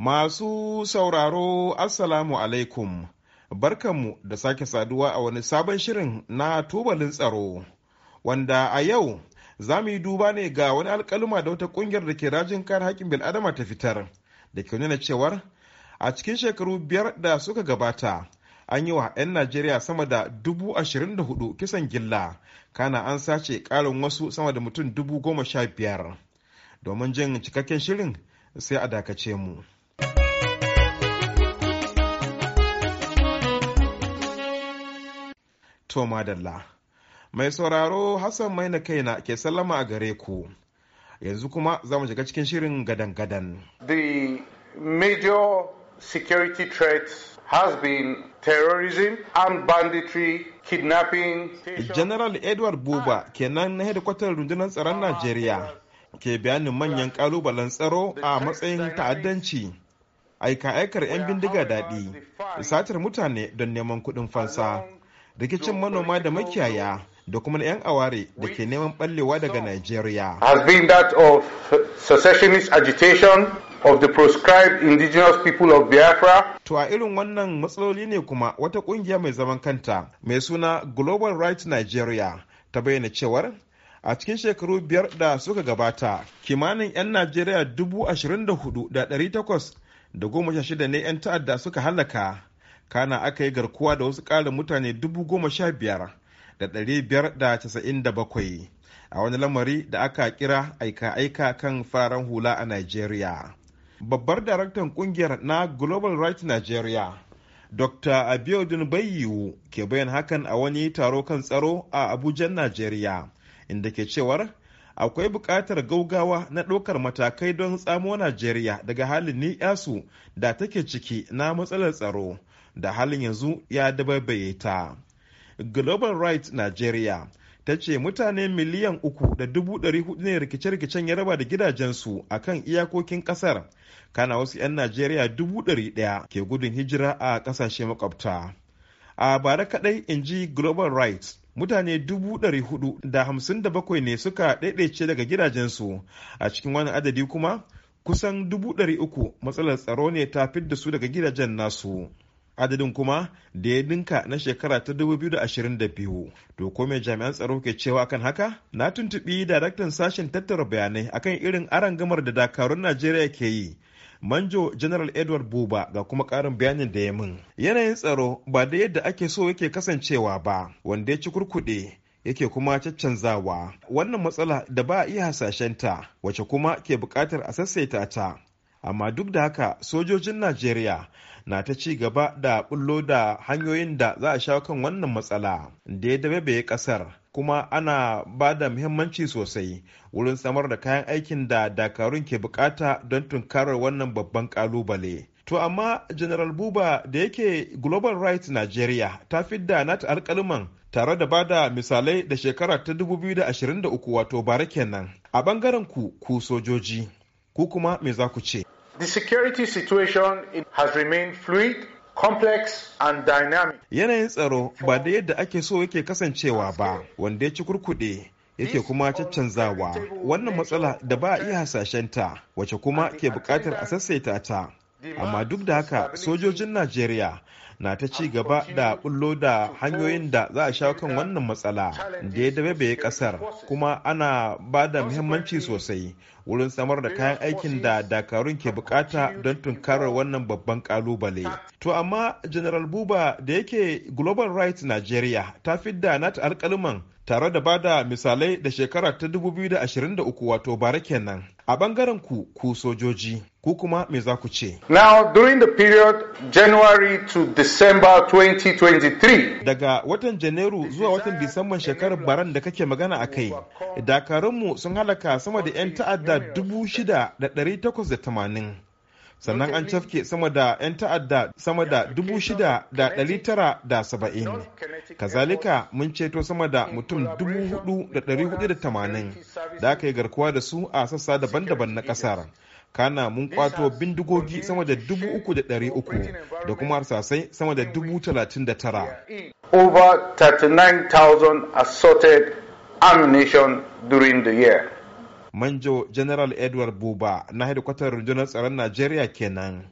Masu sauraro Assalamu alaikum, barkanmu da sake saduwa a wani sabon shirin na tubalin tsaro, wanda a yau za mu yi duba ne ga wani alkaluma da wata kungiyar da ke rajin kare haƙƙin bil'adama ta fitar, da ke nuna cewar a cikin shekaru biyar da suka gabata an yi wa 'yan Najeriya sama da dubu ashirin da hudu kisan gilla, kana an sace karin wasu sama da mutum dubu goma sha biyar. Domin jin cikakken shirin sai a dakace mu. Toma Dalla. Mai sauraro Hassan Maina kaina ke sallama a gare ku. Yanzu kuma za mu shiga cikin shirin gadan-gadan. The major security threat has been terrorism and banditry kidnapping. General Edward Buba kenan na hedikwatar rundunar tsaron Najeriya ke bayanin manyan kalubalen tsaro a matsayin ta'addanci. Aika aikar 'yan bindiga daɗi, satar mutane don neman kuɗin fansa. rikicin manoma da makiyaya da kuma na 'yan aware da ke neman ɓallewa daga Najeriya. Has been that of secessionist agitation of the proscribed indigenous people of Biafra. To a irin wannan matsaloli ne kuma wata ƙungiya mai zaman kanta mai suna Global Rights Nigeria ta bayyana cewar a cikin shekaru biyar da suka gabata kimanin 'yan Najeriya dubu ashirin hudu da ɗari takwas da goma shida ne 'yan ta'adda suka halaka kana aka yi garkuwa da wasu ƙarin mutane dubu goma sha biyar da ɗari biyar da casa'in da bakwai a wani lamari da aka kira aika-aika kan fararen hula a Najeriya. Babbar daraktan ƙungiyar na Global Rights Nigeria, Dr. Abiodun Bayyiwu ke bayan hakan a wani taro kan tsaro a Abuja, Najeriya, inda ke cewar akwai buƙatar gaugawa na ɗaukar matakai don tsamo Najeriya daga halin ni'yasu da take ciki na matsalar tsaro. da halin yanzu ya dabaibaye ta global rights nigeria ta ce mutane miliyan uku da dubu ɗari hudu ne rikice-rikicen ya raba da gidajensu a kan iyakokin ƙasar kana wasu 'yan najeriya dubu ɗari ɗaya ke gudun hijira a ƙasashe makwabta a bara kaɗai in ji global rights mutane dubu ɗari hudu da hamsin da bakwai ne suka ɗaiɗaice daga gidajensu a cikin wani adadi kuma kusan dubu ɗari uku matsalar tsaro ne ta fidda su daga gidajen nasu adadin kuma da ya dinka na shekara ta 2022 to ko mai jami'an tsaro ke cewa kan haka na tuntubi daraktan sashen tattara bayanai akan irin gamar da dakarun najeriya ke yi manjo general edward buba ga kuma karin bayanin da ya min yanayin tsaro ba da yadda ake so yake kasancewa ba wanda ya ci kurkuɗe yake kuma caccanzawa wannan matsala da ba a iya hasashenta wace kuma ke buƙatar a sassaita ta amma duk da haka sojojin najeriya na ta ci gaba da bullo da hanyoyin da za a shawo kan wannan matsala da ya dabe kasar kuma ana ba da muhimmanci sosai wurin samar da kayan aikin da dakarun ke bukata don tunkarar wannan babban kalubale To amma General Buba da yake Global Rights Nigeria ta da nata alkaliman tare da bada misalai da shekara ta 2023 wato bara kenan. A bangaren ku ku sojoji ku kuma me za ku ce The security situation has remained fluid complex and dynamic. Yanayin tsaro ba da yadda ake so yake kasancewa ba, wanda ya ci kurkuɗe yake kuma caccanzawa. Wannan matsala da ba a iya hasashenta, wace kuma ke buƙatar a sassaita ta. Amma duk da haka sojojin Najeriya na ta ci gaba da bullo da hanyoyin da za a shawo kan wannan matsala da ya dabe-dabe bai kasar kuma ana ba da muhimmanci sosai wurin samar da kayan aikin da dakarun ke bukata don tunkarar wannan babban kalubale to amma general buba da yake global rights nigeria ta fidda nata alkaliman tare da bada misalai da shekara ta 2023 wato bara kenan. A bangaren ku ku sojoji, ku kuma me za ku ce? Now during the period January to December 2023. Daga watan Janairu zuwa watan Disamban shekarar baran da kake magana a kai, dakarunmu sun halaka sama da 'yan ta'adda 6,880. sannan an cafke sama da 'yan ta'adda sama da 6,970 kazalika mun ceto sama da mutum 4,480 da aka yi garkuwa da su a sassa daban-daban na kasar kana mun kwato bindigogi sama da 3,300 da kuma harsasai sama da 39,000 over 39,000 assorted ammunition during the year manjo general edward buba na hedikwatar rundunar tsaron najeriya kenan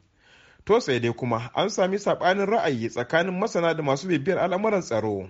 to sai dai kuma an sami sabanin ra'ayi tsakanin masana da masu bibiyar al'amuran tsaro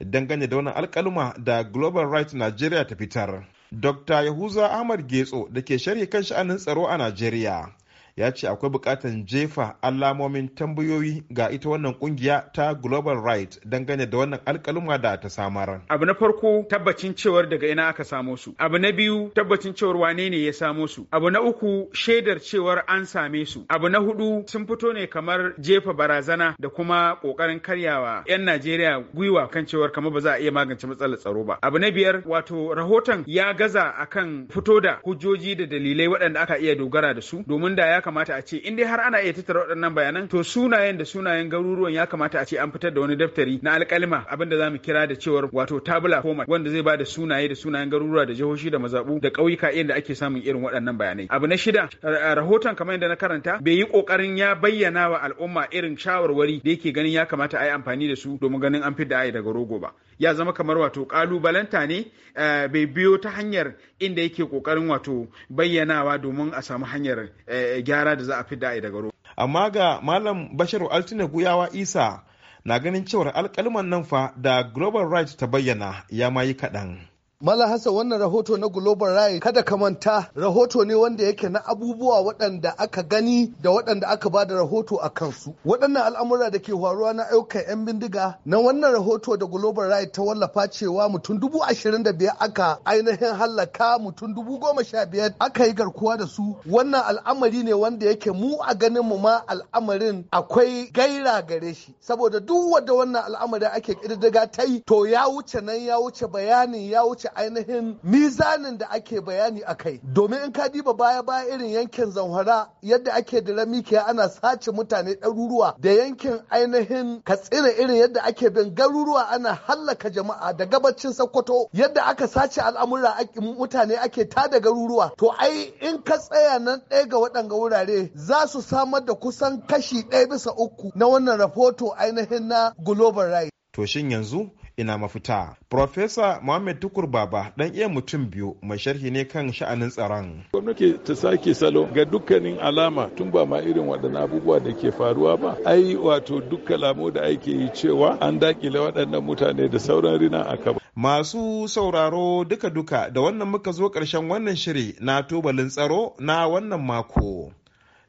dangane da wannan alkaluma da global right Nigeria ta fitar dr yahuza ahmad getso da ke sharhi kan sha'anin tsaro a najeriya ya ce akwai bukatan jefa alamomin tambayoyi ga ita wannan kungiya ta global right dangane da wannan alkaluma da ta samar abu na farko tabbacin cewar daga ina aka samo su abu na biyu tabbacin cewar wane ne ya samo su abu na uku shaidar cewar an same su abu na hudu sun fito ne kamar jefa barazana da kuma kokarin karyawa 'yan najeriya gwiwa kan cewar kamar ba za a iya magance matsalar tsaro ba abu na biyar wato rahoton ya gaza akan fito da hujjoji da dalilai waɗanda aka iya dogara da su domin da ya kamata a ce in dai har ana iya tattara waɗannan bayanan to sunayen da sunayen garuruwan ya kamata a ce an fitar da wani daftari na alƙalima abin da mu kira da cewar wato tabula format wanda zai ba da sunaye da sunayen garuruwa da jihohi da mazabu da ƙauyuka inda ake samun irin waɗannan bayanai abu na shida rahoton kamar yadda na karanta bai yi ƙoƙarin ya bayyana wa al'umma irin shawarwari da yake ganin ya kamata a yi amfani da su domin ganin an fidda ai daga rogo ba ya zama kamar wato ƙalubalanta ne eh, bai biyo ta hanyar inda yake ƙoƙarin wato bayyanawa domin a samu hanyar eh, gyara gyara da za a fi da'i daga ruwa. Amma ga Malam Basharu altine Guyawa Isa na ganin cewar alkalman nan fa da Global Rights ta bayyana ya ma yi kaɗan. Mala wannan rahoto na Global Rai kada ka manta rahoto ne wanda yake na abubuwa waɗanda aka gani da waɗanda aka ba da rahoto a kansu. Waɗannan al'amura da ke faruwa na ayyukan 'yan bindiga na wannan rahoto da Global Rai ta wallafa cewa mutum dubu ashirin da biyar aka ainihin hallaka mutum dubu goma sha biyar aka yi garkuwa da su wannan al'amari ne wanda yake mu a ganin mu ma al'amarin akwai gaira gare shi saboda duk wanda wannan al'amari ake ƙididdiga ta yi to ya wuce nan ya wuce bayanin ya wuce ce ainihin mizanin da ake bayani a kai domin in ka diba baya baya irin yankin zanhara yadda ake da ramikiya ana sace mutane ɗaruruwa da yankin ainihin katsina irin yadda ake bin garuruwa ana hallaka jama'a da gabacin sokoto yadda aka sace al'amura mutane ake tada garuruwa to ai in ka tsaya nan ɗaya ga waɗanga wurare za su samar da kusan kashi ɗaya bisa uku na wannan rahoto ainihin na global right to shin yanzu ina mafita. Profesa Muhammad Tukur Baba dan iya mutum biyu mai sharhi ne kan sha'anin tsaron. Gwamnati ta sake salo ga dukkanin alama tun ba ma irin waɗannan abubuwa da ke faruwa ba. Ai wato duk lamu da ake yi cewa an dakile waɗannan mutane da sauran rina a kaba. Masu sauraro duka-duka da wannan muka zo ƙarshen wannan shiri na tubalin tsaro na wannan mako.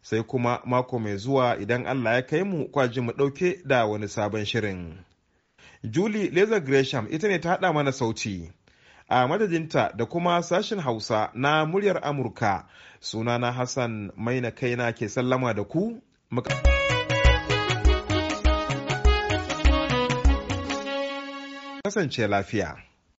Sai kuma mako mai zuwa idan Allah ya kai mu kwaji mu ɗauke da wani sabon shirin. julie lazar gresham ita ne ta haɗa mana sauti a madadinta da kuma sashen hausa na muryar amurka sunana hassan maina kaina ke sallama da ku muka kasance lafiya.